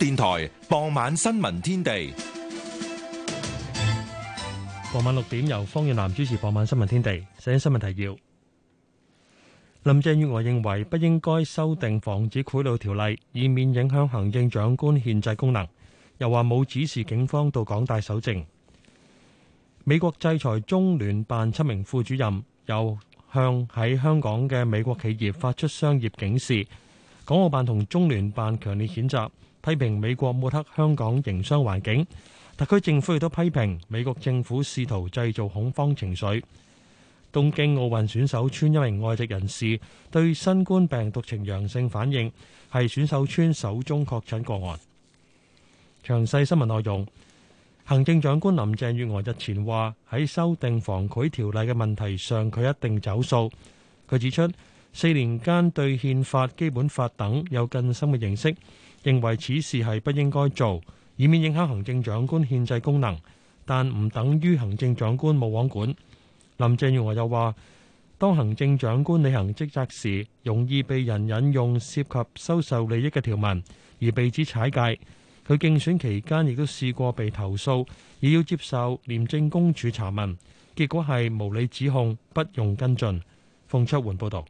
電台傍晚新聞天地，傍晚六點由方遠南主持。傍晚新聞天地，首先新聞提要：林鄭月娥認為不應該修訂防止賄賂條例，以免影響行政長官憲制功能。又話冇指示警方到港大搜證。美國制裁中聯辦七名副主任，又向喺香港嘅美國企業發出商業警示。港澳辦同中聯辦強烈譴責。批評美國抹黑香港營商環境，特區政府亦都批評美國政府試圖製造恐慌情緒。東京奧運選手村一名外籍人士對新冠病毒呈陽性反應，係選手村首宗確診個案。詳細新聞內容，行政長官林鄭月娥日前話，喺修訂防賄條例嘅問題上，佢一定走數。佢指出，四年間對憲法、基本法等有更深嘅認識。認為此事係不應該做，以免影響行政長官憲制功能，但唔等於行政長官冇枉管。林鄭月娥又話：當行政長官履行職責時，容易被人引用涉及收受利益嘅條文而被指踩界。佢競選期間亦都試過被投訴，而要接受廉政公署查問，結果係無理指控，不用跟進。馮卓桓報導。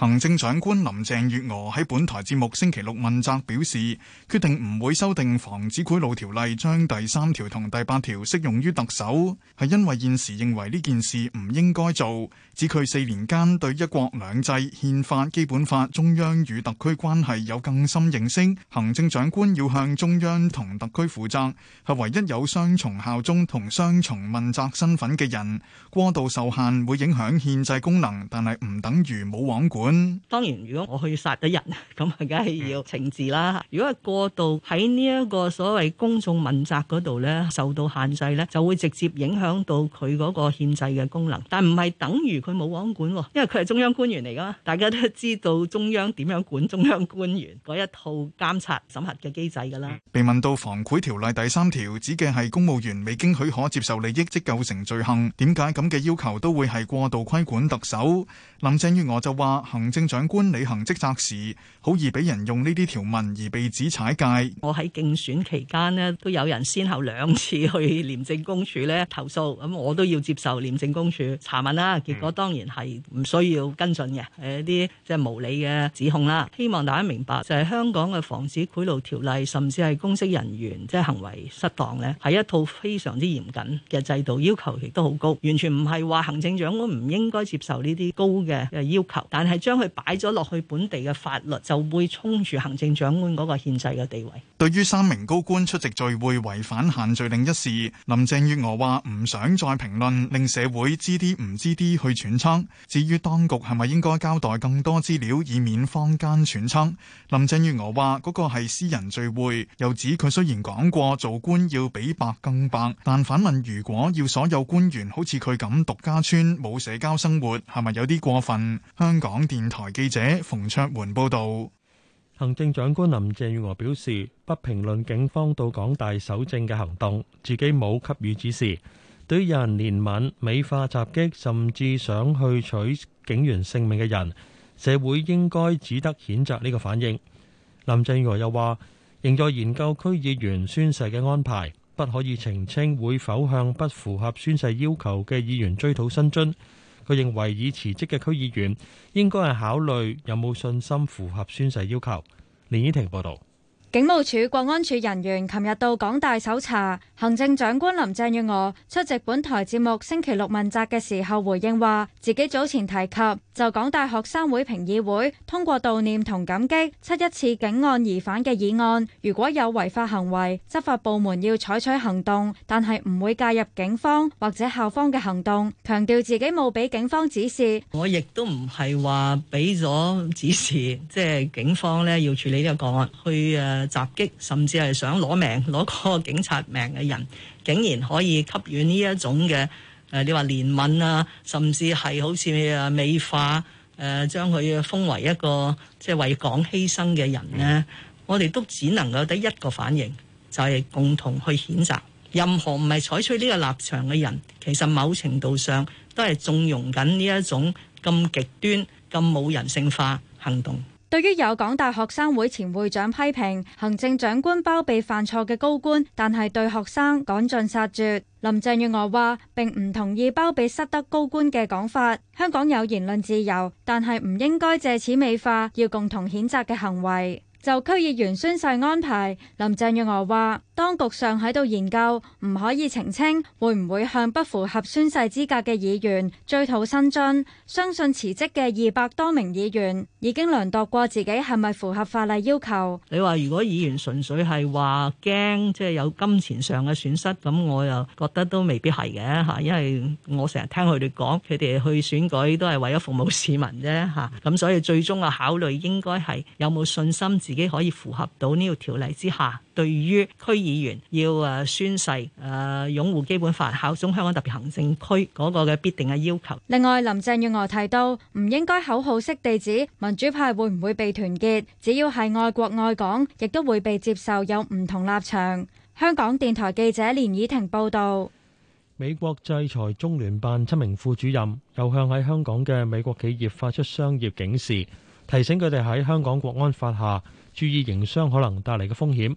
行政長官林鄭月娥喺本台節目星期六問責表示，決定唔會修訂《防止賄賂條例》將第三條同第八條適用於特首，係因為現時認為呢件事唔應該做。指佢四年間對一國兩制、憲法、基本法、中央與特區關係有更深認識，行政長官要向中央同特區負責，係唯一有雙重效忠同雙重問責身份嘅人。過度受限會影響憲制功能，但係唔等於冇王管。嗯，當然，如果我去殺咗人，咁啊，梗係要懲治啦。如果係過度喺呢一個所謂公眾問責嗰度咧，受到限制咧，就會直接影響到佢嗰個憲制嘅功能。但唔係等於佢冇枉管喎，因為佢係中央官員嚟噶嘛，大家都知道中央點樣管中央官員嗰一套監察審核嘅機制噶啦。被問到《防賄條例》第三條指嘅係公務員未經許可接受利益即構成罪行，點解咁嘅要求都會係過度規管特首？林鄭月娥就話。行政長官履行職責時，好易俾人用呢啲條文而被指踩界。我喺競選期間呢，都有人先後兩次去廉政公署咧投訴，咁、嗯、我都要接受廉政公署查問啦。結果當然係唔需要跟進嘅，係一啲即係無理嘅指控啦。希望大家明白，就係、是、香港嘅防止賄賂條例，甚至係公職人員即係、就是、行為失當呢，係一套非常之嚴謹嘅制度，要求亦都好高，完全唔係話行政長官唔應該接受呢啲高嘅要求，但係。將佢擺咗落去本地嘅法律，就會衝住行政長官嗰個憲制嘅地位。對於三名高官出席聚會違反限聚令一事，林鄭月娥話唔想再評論，令社會知啲唔知啲去揣測。至於當局係咪應該交代更多資料，以免坊間揣測？林鄭月娥話嗰個係私人聚會，又指佢雖然講過做官要比白更白，但反問如果要所有官員好似佢咁獨家村冇社交生活，係咪有啲過分？香港電台記者馮卓桓報道，行政長官林鄭月娥表示，不評論警方到港大搜證嘅行動，自己冇給予指示。對於有人憐憫美化襲擊，甚至想去取警員性命嘅人，社會應該只得譴責呢個反應。林鄭月，月娥又話，仍在研究區議員宣誓嘅安排，不可以澄清會否向不符合宣誓要求嘅議員追討薪津。佢認為，已辭職嘅區議員應該係考慮有冇信心符合宣誓要求。連依婷報道。警務處國安處人員琴日，到港大搜查，行政長官林鄭月娥出席本台節目《星期六問責》嘅時候回應話，自己早前提及就港大學生會評議會通過悼念同感激七一次警案疑犯嘅議案，如果有違法行為，執法部門要採取行動，但係唔會介入警方或者校方嘅行動。強調自己冇俾警方指示，我亦都唔係話俾咗指示，即係警方呢要處理呢個個案去誒。襲擊甚至係想攞命，攞個警察命嘅人，竟然可以給予呢一種嘅，誒，你話憐憫啊，甚至係好似美化誒，將、呃、佢封為一個即係、就是、為港犧牲嘅人呢。嗯、我哋都只能夠得一個反應，就係、是、共同去譴責任何唔係採取呢個立場嘅人，其實某程度上都係縱容緊呢一種咁極端、咁冇人性化行動。對於有港大學生會前會長批評行政長官包庇犯錯嘅高官，但係對學生趕盡殺絕，林鄭月娥話並唔同意包庇失德高官嘅講法。香港有言論自由，但係唔應該借此美化要共同譴責嘅行為。就區議員宣誓安排，林鄭月娥話當局上喺度研究，唔可以澄清會唔會向不符合宣誓資格嘅議員追討薪津。相信辭職嘅二百多名議員已經量度過自己係咪符合法例要求。你話如果議員純粹係話驚，即係有金錢上嘅損失，咁我又覺得都未必係嘅吓，因為我成日聽佢哋講，佢哋去選舉都係為咗服務市民啫吓，咁所以最終啊考慮應該係有冇信心。自己可以符合到呢個條例之下，對於區議員要誒宣誓誒擁護基本法、效忠香港特別行政區嗰個嘅必定嘅要求。另外，林鄭月娥提到，唔應該口號式地指民主派會唔會被團結，只要係愛國愛港，亦都會被接受。有唔同立場，香港電台記者連倚婷報道，美國制裁中聯辦七名副主任，又向喺香港嘅美國企業發出商業警示，提醒佢哋喺香港國安法下，注意營商可能帶嚟嘅風險，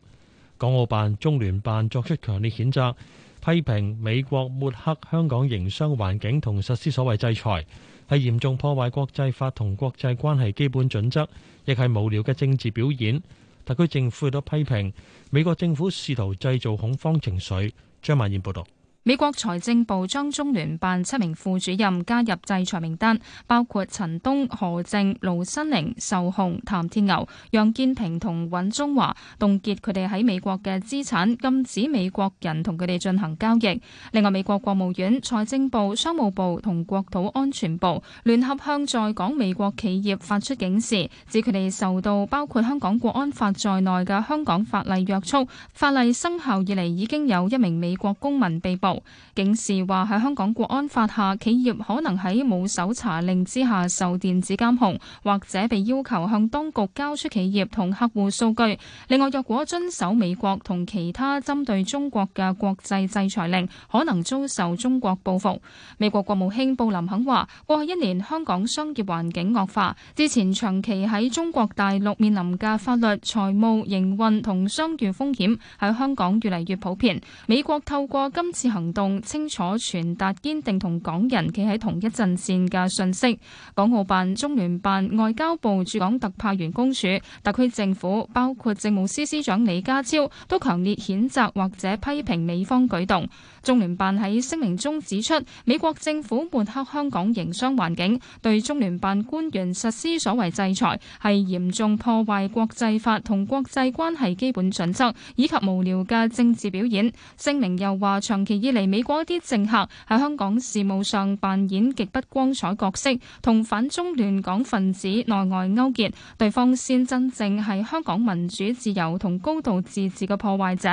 港澳辦、中聯辦作出強烈譴責，批評美國抹黑香港營商環境同實施所謂制裁，係嚴重破壞國際法同國際關係基本準則，亦係無聊嘅政治表演。特區政府亦都批評美國政府試圖製造恐慌情緒。張曼燕報導。美國財政部將中聯辦七名副主任加入制裁名單，包括陳冬、何靖、盧新寧、仇鴻、譚鐵牛、楊建平同尹宗華，凍結佢哋喺美國嘅資產，禁止美國人同佢哋進行交易。另外，美國國務院、財政部、商務部同國土安全部聯合向在港美國企業發出警示，指佢哋受到包括香港國安法在內嘅香港法例約束。法例生效以嚟，已經有一名美國公民被捕。警示話喺香港國安法下，企業可能喺冇搜查令之下受電子監控，或者被要求向當局交出企業同客戶數據。另外，若果遵守美國同其他針對中國嘅國際制裁令，可能遭受中國報復。美國國務卿布林肯話：過去一年香港商業環境惡化，之前長期喺中國大陸面臨嘅法律、財務、營運同商譽風險喺香港越嚟越普遍。美國透過今次行行動清楚傳達堅定同港人企喺同一陣線嘅信息。港澳辦、中聯辦、外交部駐港特派員公署、特區政府，包括政務司司長李家超，都強烈譴責或者批評美方舉動。中聯辦喺聲明中指出，美國政府抹黑香港營商環境，對中聯辦官員實施所謂制裁，係嚴重破壞國際法同國際關係基本準則，以及無聊嘅政治表演。聲明又話，長期以嚟美國啲政客喺香港事務上扮演極不光彩角色，同反中亂港分子內外勾結。對方先真正係香港民主自由同高度自治嘅破壞者。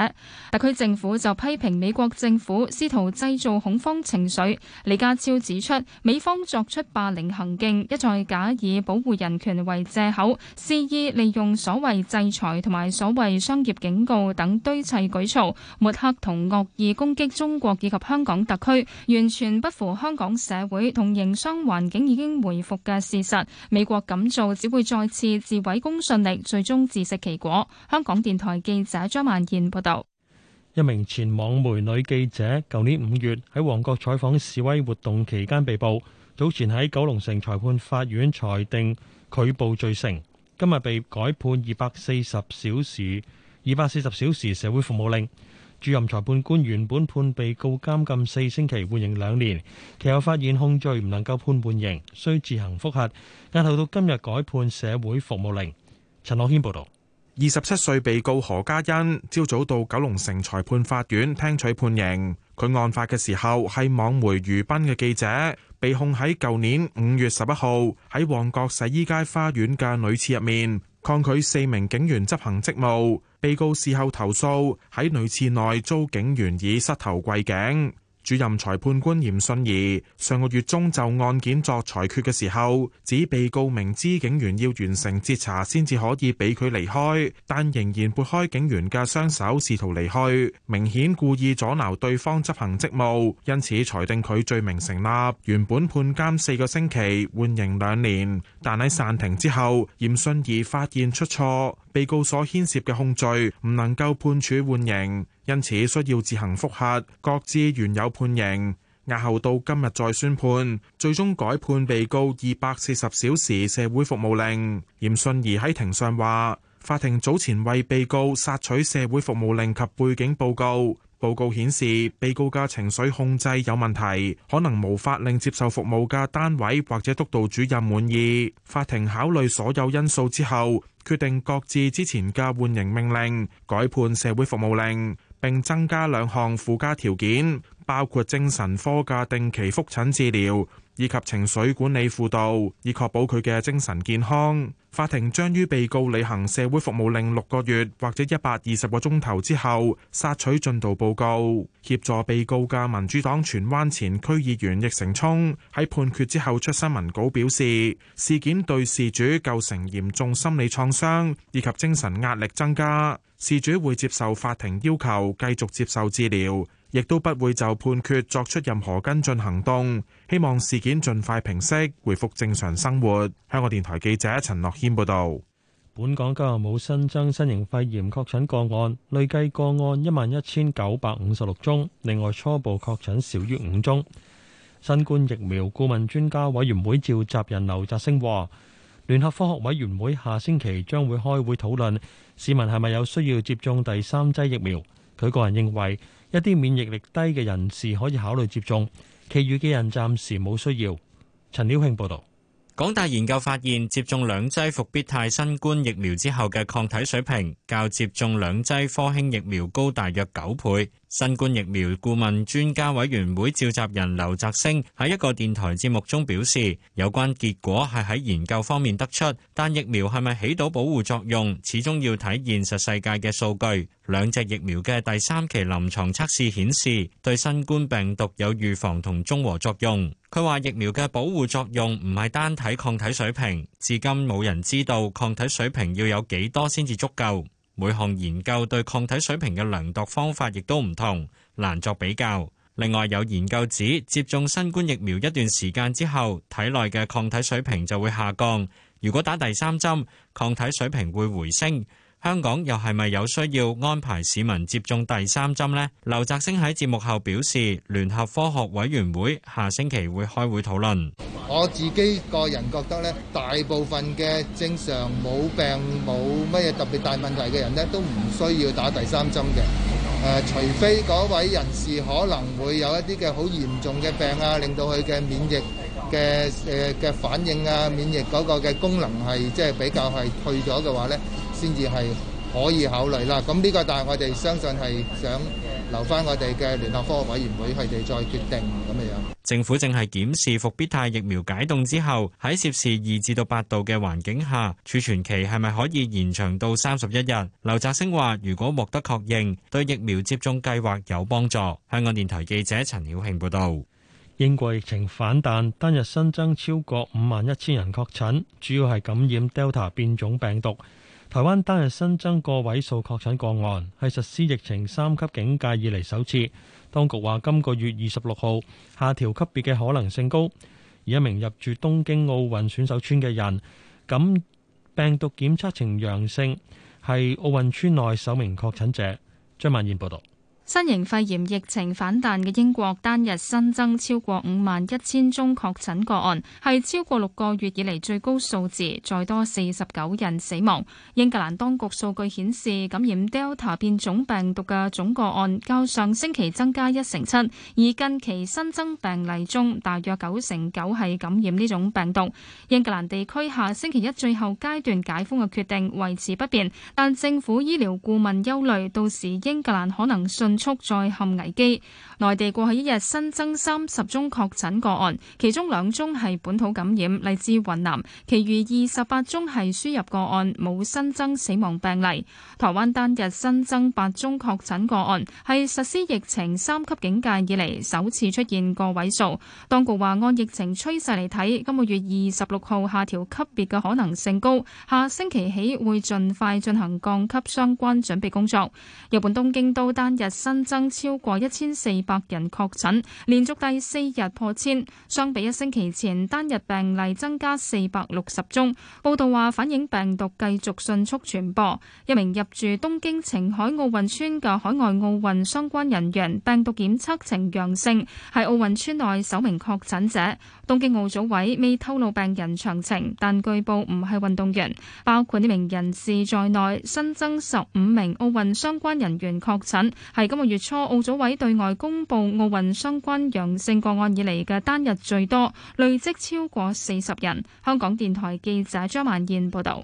特區政府就批評美國政府試圖製造恐慌情緒。李家超指出，美方作出霸凌行徑，一再假以保護人權為借口，肆意利用所謂制裁同埋所謂商業警告等堆砌舉措，抹黑同惡意攻擊中國。以及香港特區完全不符香港社會同營商環境已經回復嘅事實，美國咁做只會再次自毀公信力，最終自食其果。香港電台記者張萬賢報道：一名前網媒女記者，舊年五月喺旺角採訪示威活動期間被捕，早前喺九龍城裁判法院裁定拒捕罪成，今日被改判二百四十小時，二百四十小時社會服務令。主任裁判官原本判，判被告監禁四星期、緩刑兩年，其後發現控罪唔能夠判緩刑，需自行複核，押後到今日改判社會服務令。陳樂軒報道。二十七歲被告何嘉欣，朝早到九龍城裁判法院聽取判刑。佢案發嘅時候係網媒娛賓嘅記者，被控喺舊年五月十一號喺旺角洗衣街花園嘅女廁入面，抗拒四名警員執行職務，被告事後投訴喺女廁內遭警員以膝頭跪頸。主任裁判官嚴信儀上個月中就案件作裁決嘅時候，指被告明知警員要完成截查先至可以俾佢離開，但仍然撥開警員嘅雙手試圖離去，明顯故意阻撓對方執行職務，因此裁定佢罪名成立。原本判監四個星期，緩刑兩年，但喺散庭之後，嚴信儀發現出錯，被告所牽涉嘅控罪唔能夠判處緩刑。因此需要自行複核，擱置原有判刑，押後到今日再宣判，最終改判被告二百四十小時社會服務令。嚴順儀喺庭上話，法庭早前為被告索取社會服務令及背景報告，報告顯示被告嘅情緒控制有問題，可能無法令接受服務嘅單位或者督導主任滿意。法庭考慮所有因素之後，決定擱置之前嘅緩刑命令，改判社會服務令。並增加兩項附加條件，包括精神科嘅定期覆診治療，以及情緒管理輔導，以確保佢嘅精神健康。法庭將於被告履行社會服務令六個月或者一百二十個鐘頭之後，索取進度報告。協助被告嘅民主黨荃灣前區議員易成聰喺判決之後出新聞稿表示，事件對事主構成嚴重心理創傷以及精神壓力增加，事主會接受法庭要求繼續接受治療。亦都不會就判決作出任何跟進行動，希望事件盡快平息，恢復正常生活。香港電台記者陳樂謙報導。本港今日冇新增新型肺炎確診個案，累計個案一萬一千九百五十六宗，另外初步確診少於五宗。新冠疫苗顧問專家委員會召集人劉澤星話，聯合科學委員會下星期將會開會討論市民係咪有需要接種第三劑疫苗。佢個人認為，一啲免疫力低嘅人士可以考慮接種，其餘嘅人暫時冇需要。陳曉慶報導，港大研究發現，接種兩劑復必泰新冠疫苗之後嘅抗體水平，較接種兩劑科興疫苗高大約九倍。新冠疫苗顧問專家委員會召集人劉澤星喺一個電台節目中表示，有關結果係喺研究方面得出，但疫苗係咪起到保護作用，始終要睇現實世界嘅數據。兩隻疫苗嘅第三期臨床測試顯示，對新冠病毒有預防同中和作用。佢話疫苗嘅保護作用唔係單體抗體水平，至今冇人知道抗體水平要有幾多先至足夠。每項研究對抗體水平嘅量度方法亦都唔同，難作比較。另外，有研究指，接種新冠疫苗一段時間之後，體內嘅抗體水平就會下降。如果打第三針，抗體水平會回升。香港又係咪有需要安排市民接種第三針呢？劉澤星喺節目後表示，聯合科學委員會下星期會開會討論。我自己個人覺得咧，大部分嘅正常冇病冇乜嘢特別大問題嘅人咧，都唔需要打第三針嘅。誒、呃，除非嗰位人士可能會有一啲嘅好嚴重嘅病啊，令到佢嘅免疫。嘅誒嘅反應啊，免疫嗰個嘅功能係即係比較係退咗嘅話呢，先至係可以考慮啦。咁呢個，但係我哋相信係想留翻我哋嘅聯合科學委員會，佢哋再決定咁嘅樣。政府正係檢視復必泰疫苗解凍之後，喺攝氏二至到八度嘅環境下儲存期係咪可以延長到三十一日。劉澤星話：如果獲得確認，對疫苗接種計劃有幫助。香港電台記者陳曉慶報導。英國疫情反彈，單日新增超過五萬一千人確診，主要係感染 Delta 變種病毒。台灣單日新增個位數確診個案，係實施疫情三級警戒以嚟首次。當局話今個月二十六號下調級別嘅可能性高。而一名入住東京奧運選手村嘅人，噉病毒檢測呈陽性，係奧運村內首名確診者。張曼燕報導。新型肺炎疫情反彈嘅英國單日新增超過五萬一千宗確診個案，係超過六個月以嚟最高數字，再多四十九人死亡。英格蘭當局數據顯示，感染 Delta 變種病毒嘅總個案較上星期增加一成七，而近期新增病例中，大約九成九係感染呢種病毒。英格蘭地區下星期一最後階段解封嘅決定維持不變，但政府醫療顧問憂慮，到時英格蘭可能順速再陷危機。內地過去一日新增三十宗確診個案，其中兩宗係本土感染，嚟自雲南，其餘二十八宗係輸入個案，冇新增死亡病例。台灣單日新增八宗確診個案，係實施疫情三級警戒以嚟首次出現個位數。當局話，按疫情趨勢嚟睇，今個月二十六號下調級別嘅可能性高，下星期起會盡快進行降級相關準備工作。日本東京都單日新新增超過一千四百人確診，連續第四日破千，相比一星期前單日病例增加四百六十宗。報道話反映病毒繼續迅速傳播。一名入住東京晴海奧運村嘅海外奧運相關人員病毒檢測呈陽性，係奧運村內首名確診者。東京奧組委未透露病人詳情，但據報唔係運動員，包括呢名人士在內，新增十五名奧運相關人員確診，係今個月初奧組委對外公布奧運相關陽性個案以嚟嘅單日最多，累積超過四十人。香港電台記者張萬燕報道。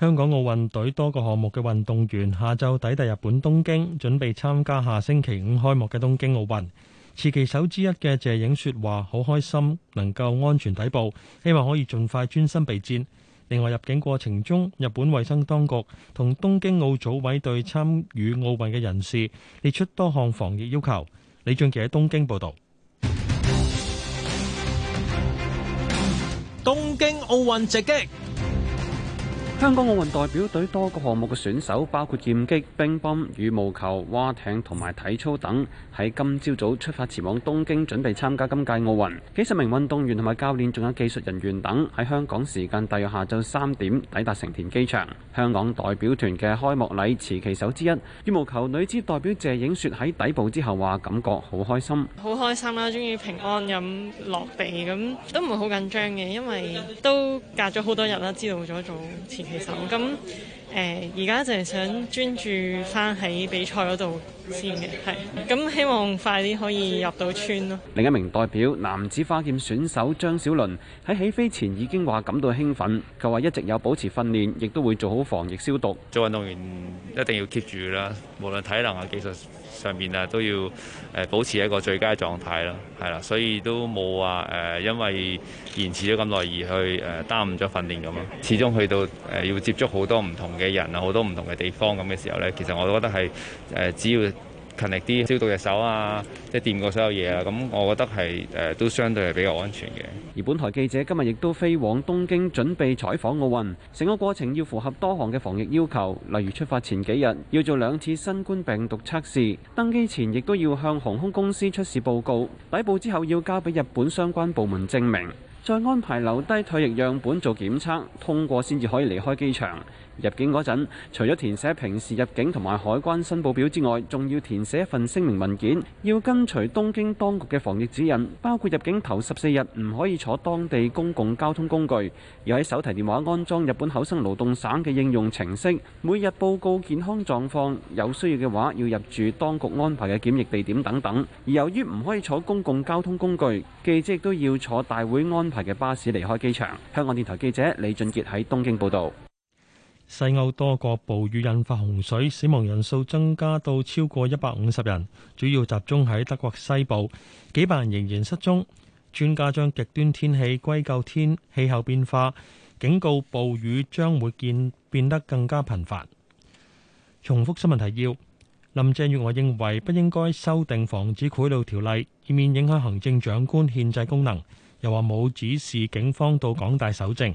香港奧運隊多個項目嘅運動員下晝抵達日本東京，準備參加下星期五開幕嘅東京奧運。持旗手之一嘅謝影雪話：好開心能夠安全抵步，希望可以盡快專心備戰。另外，入境過程中，日本衛生當局同東京奧組委對參與奧運嘅人士列出多項防疫要求。李俊傑喺東京報道。東京奧運直擊。香港奧運代表隊多個項目嘅選手，包括劍擊、乒乓、羽毛球、划艇同埋體操等，喺今朝早出發前往東京，準備參加今屆奧運。幾十名運動員同埋教練，仲有技術人員等，喺香港時間大約下晝三點抵達成田機場。香港代表團嘅開幕禮持旗手之一，羽毛球女子代表謝影雪喺抵步之後話：感覺好開心，好開心啦，終於平安咁落地，咁都唔會好緊張嘅，因為都隔咗好多日啦，知道咗做。其實咁誒，而家、呃、就係想專注翻喺比賽嗰度。先嘅係，咁希望快啲可以入到村咯。另一名代表男子花劍選手張小倫喺起飛前已經話感到興奮，佢話一直有保持訓練，亦都會做好防疫消毒。做運動員一定要 keep 住啦，無論體能啊技術上面啊都要誒保持一個最佳狀態咯，係啦，所以都冇話誒因為延遲咗咁耐而去誒耽誤咗訓練咁咯。始終去到誒要接觸好多唔同嘅人啊，好多唔同嘅地方咁嘅時候咧，其實我覺得係誒只要勤力啲消毒隻手啊，即係掂過所有嘢啊，咁我覺得係誒、呃、都相對係比較安全嘅。而本台記者今日亦都飛往東京準備採訪奧運，成個過程要符合多項嘅防疫要求，例如出發前幾日要做兩次新冠病毒測試，登機前亦都要向航空公司出示報告，抵埗之後要交俾日本相關部門證明，再安排留低唾液樣本做檢測，通過先至可以離開機場。入境嗰陣，除咗填寫平時入境同埋海關申報表之外，仲要填寫一份聲明文件，要跟隨東京當局嘅防疫指引，包括入境頭十四日唔可以坐當地公共交通工具，又喺手提電話安裝日本厚生勞動省嘅應用程式，每日報告健康狀況，有需要嘅話要入住當局安排嘅檢疫地點等等。而由於唔可以坐公共交通工具，記者亦都要坐大會安排嘅巴士離開機場。香港電台記者李俊杰喺東京報道。西歐多國暴雨引發洪水，死亡人數增加到超過一百五十人，主要集中喺德國西部，幾百人仍然失蹤。專家將極端天氣歸咎天氣候變化，警告暴雨將會見變得更加頻繁。重複新聞提要：林鄭月娥認為不應該修訂防止賄賂條例，以免影響行政長官憲制功能，又話冇指示警方到港大搜證。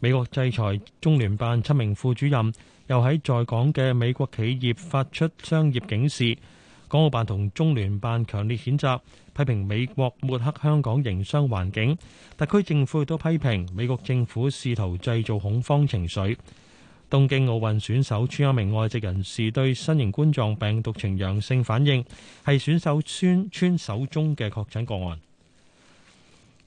美國制裁中聯辦七名副主任，又喺在，在港嘅美國企業發出商業警示。港澳辦同中聯辦強烈譴責，批評美國抹黑香港營商環境。特區政府亦都批評美國政府試圖製造恐慌情緒。東京奧運選手村一名外籍人士對新型冠狀病毒呈陽性反應，係選手村村首宗嘅確診個案。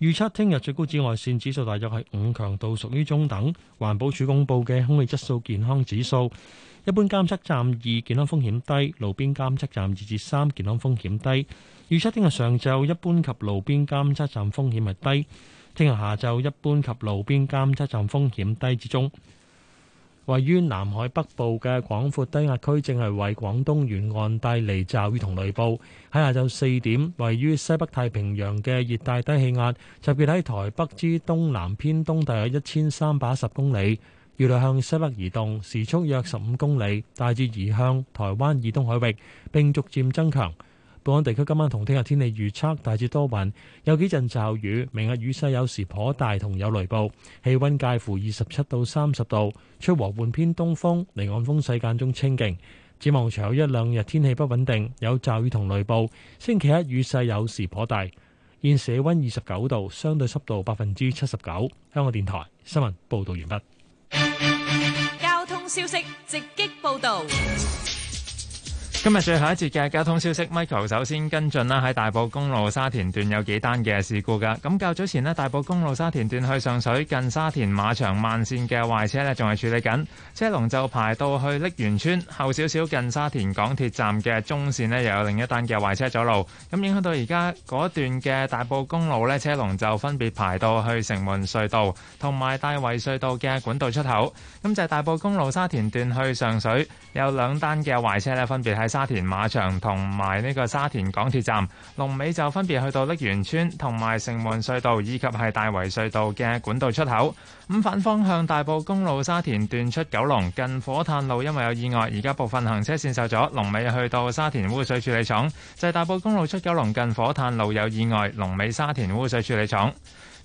預測聽日最高紫外線指數大約係五強度，屬於中等。環保署公布嘅空氣質素健康指數，一般監測站二健康風險低，路邊監測站二至三健康風險低。預測聽日上晝一般及路邊監測站風險係低，聽日下晝一般及路邊監測站風險低至中。位於南海北部嘅廣闊低壓區，正係為廣東沿岸帶嚟驟雨同雷暴。喺下晝四點，位於西北太平洋嘅熱帶低氣壓，集結喺台北之東南偏東大約一千三百一十公里，預料向西北移動，時速約十五公里，大致移向台灣以東海域，並逐漸增強。本港地區今晚同聽日天氣預測，大致多雲，有幾陣驟雨。明日雨勢有時頗大，同有雷暴。氣溫介乎二十七到三十度，吹和緩偏東風，離岸風勢間中清勁。展望長有一兩日天氣不穩定，有驟雨同雷暴，星期一雨勢有時頗大。現時氣溫二十九度，相對濕度百分之七十九。香港電台新聞報道完畢。交通消息直擊報道。今日最後一節嘅交通消息，Michael 首先跟進啦，喺大埔公路沙田段有幾單嘅事故噶。咁較早前呢，大埔公路沙田段去上水近沙田馬場慢線嘅壞車呢，仲係處理緊，車龍就排到去瀝源村。後少少近沙田港鐵站嘅中線呢，又有另一單嘅壞車阻路，咁影響到而家嗰段嘅大埔公路呢，車龍就分別排到去城門隧道同埋大圍隧道嘅管道出口。咁就係大埔公路沙田段去上水。有兩單嘅壞車咧，分別喺沙田馬場同埋呢個沙田港鐵站。龍尾就分別去到瀝源村同埋城門隧道，以及係大圍隧道嘅管道出口。咁反方向大埔公路沙田段出九龍近火炭路，因為有意外，而家部分行車線受阻。龍尾去到沙田污水處理廠，就係大埔公路出九龍近火炭路有意外，龍尾沙田污水處理廠。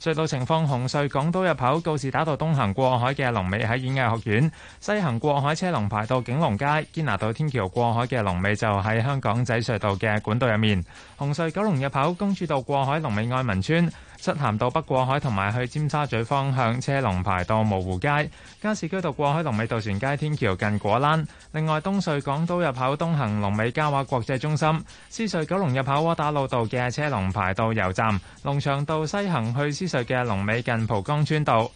隧道情況：紅隧港島入口告士打道東行過海嘅龍尾喺演藝學院，西行過海車龍排到景隆街；堅拿道天橋過海嘅龍尾就喺香港仔隧道嘅管道入面。紅隧九龍入口公主道過海龍尾愛民村。漆咸道北過海同埋去尖沙咀方向車龍排到蕪湖街，加士居道過海龍尾渡船街天橋近果欄。另外東隧港島入口東行龍尾嘉華國際中心，獅隧九龍入口窩打老道嘅車龍排到油站，龍翔道西行去獅隧嘅龍尾近蒲崗村道。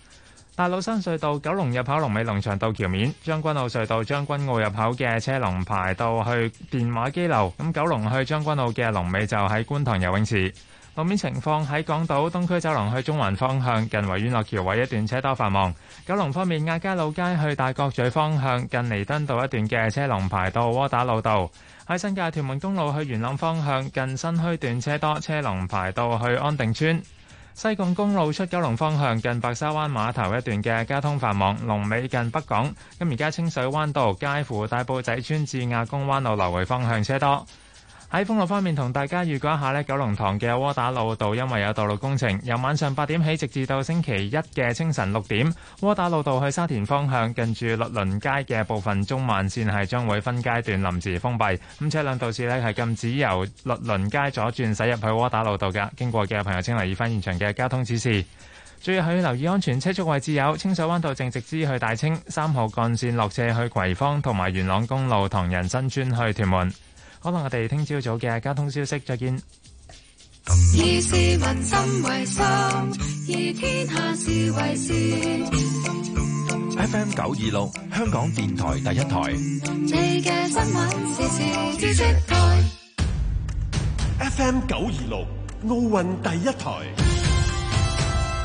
大老山隧道九龍入口龍尾龍翔道橋面，將軍澳隧道將軍澳入口嘅車龍排到去電話機樓。咁九龍去將軍澳嘅龍尾就喺觀塘游泳池。路面情況喺港島東區走廊去中環方向，近維園落橋位一段車多繁忙。九龍方面，亞皆老街，街去大角咀方向，近彌敦道一段嘅車龍排到窩打老道。喺新界屯門公路去元朗方向，近新墟段車多，車龍排到去安定村。西貢公路出九龍方向，近白沙灣碼頭一段嘅交通繁忙。龍尾近北港。咁而家清水灣道介乎大埔仔村至亞公灣路流圍方向車多。喺封路方面，同大家預告一下呢九龍塘嘅窩打老道因為有道路工程，由晚上八點起，直至到星期一嘅清晨六點，窩打老道去沙田方向近住律倫街嘅部分中慢線係將會分階段臨時封閉。咁車輛道次呢係禁止由律倫街左轉駛,駛入去窩打老道㗎。經過嘅朋友請留意翻現場嘅交通指示。注意去留意安全車速位置有清水灣道正直支去大清三號幹線落斜去葵芳同埋元朗公路唐人新村去屯門。可能，我哋聽朝早嘅交通消息，再見。以市民心為心，以天下事為事。F M 九二六，香港電台第一台。你嘅新聞時時知識台。F M 九二六，奧運第一台。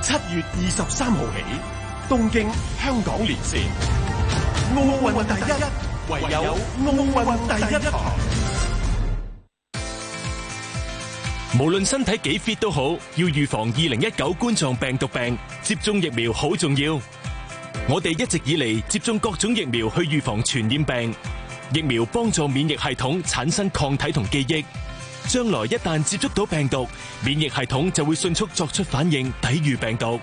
七月二十三號起，東京香港連線。奧運第一，唯有奧運第一台。無論身體幾 fit 都好，要預防二零一九冠狀病毒病，接種疫苗好重要。我哋一直以嚟，接種各種疫苗去預防傳染病，疫苗幫助免疫系統產生抗體同記憶，將來一旦接觸到病毒，免疫系統就會迅速作出反應，抵禦病毒。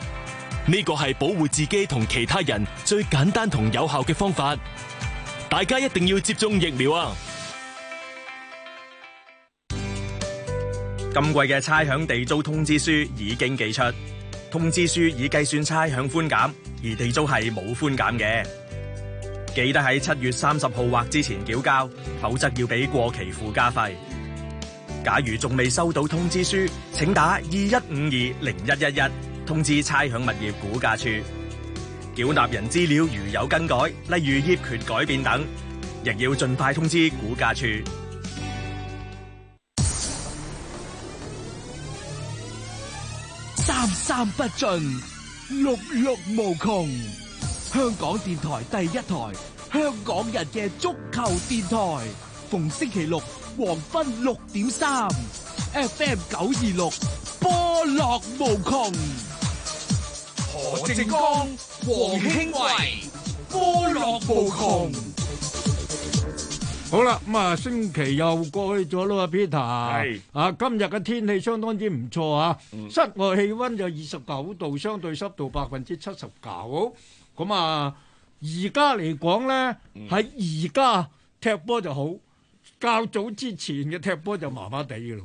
呢個係保護自己同其他人最簡單同有效嘅方法，大家一定要接種疫苗啊！今季嘅差餉地租通知書已經寄出，通知書已計算差餉寬減，而地租係冇寬減嘅。記得喺七月三十號或之前繳交，否則要俾過期附加費。假如仲未收到通知書，請打二一五二零一一一通知差餉物業估價處。繳納人資料如有更改，例如業權改變等，亦要盡快通知估價處。三三不盡，六六無窮。香港電台第一台，香港人嘅足球電台。逢星期六黃昏六點三，FM 九二六，波樂無窮。何靖江、黃興偉，波樂無窮。好啦，咁、嗯、啊，星期又過去咗咯，Peter 是。係。啊，今日嘅天氣相當之唔錯啊，室外氣溫就二十九度，相對濕度百分之七十九。咁、嗯嗯、啊，而家嚟講咧，喺而家踢波就好，較早之前嘅踢波就麻麻哋㗎啦。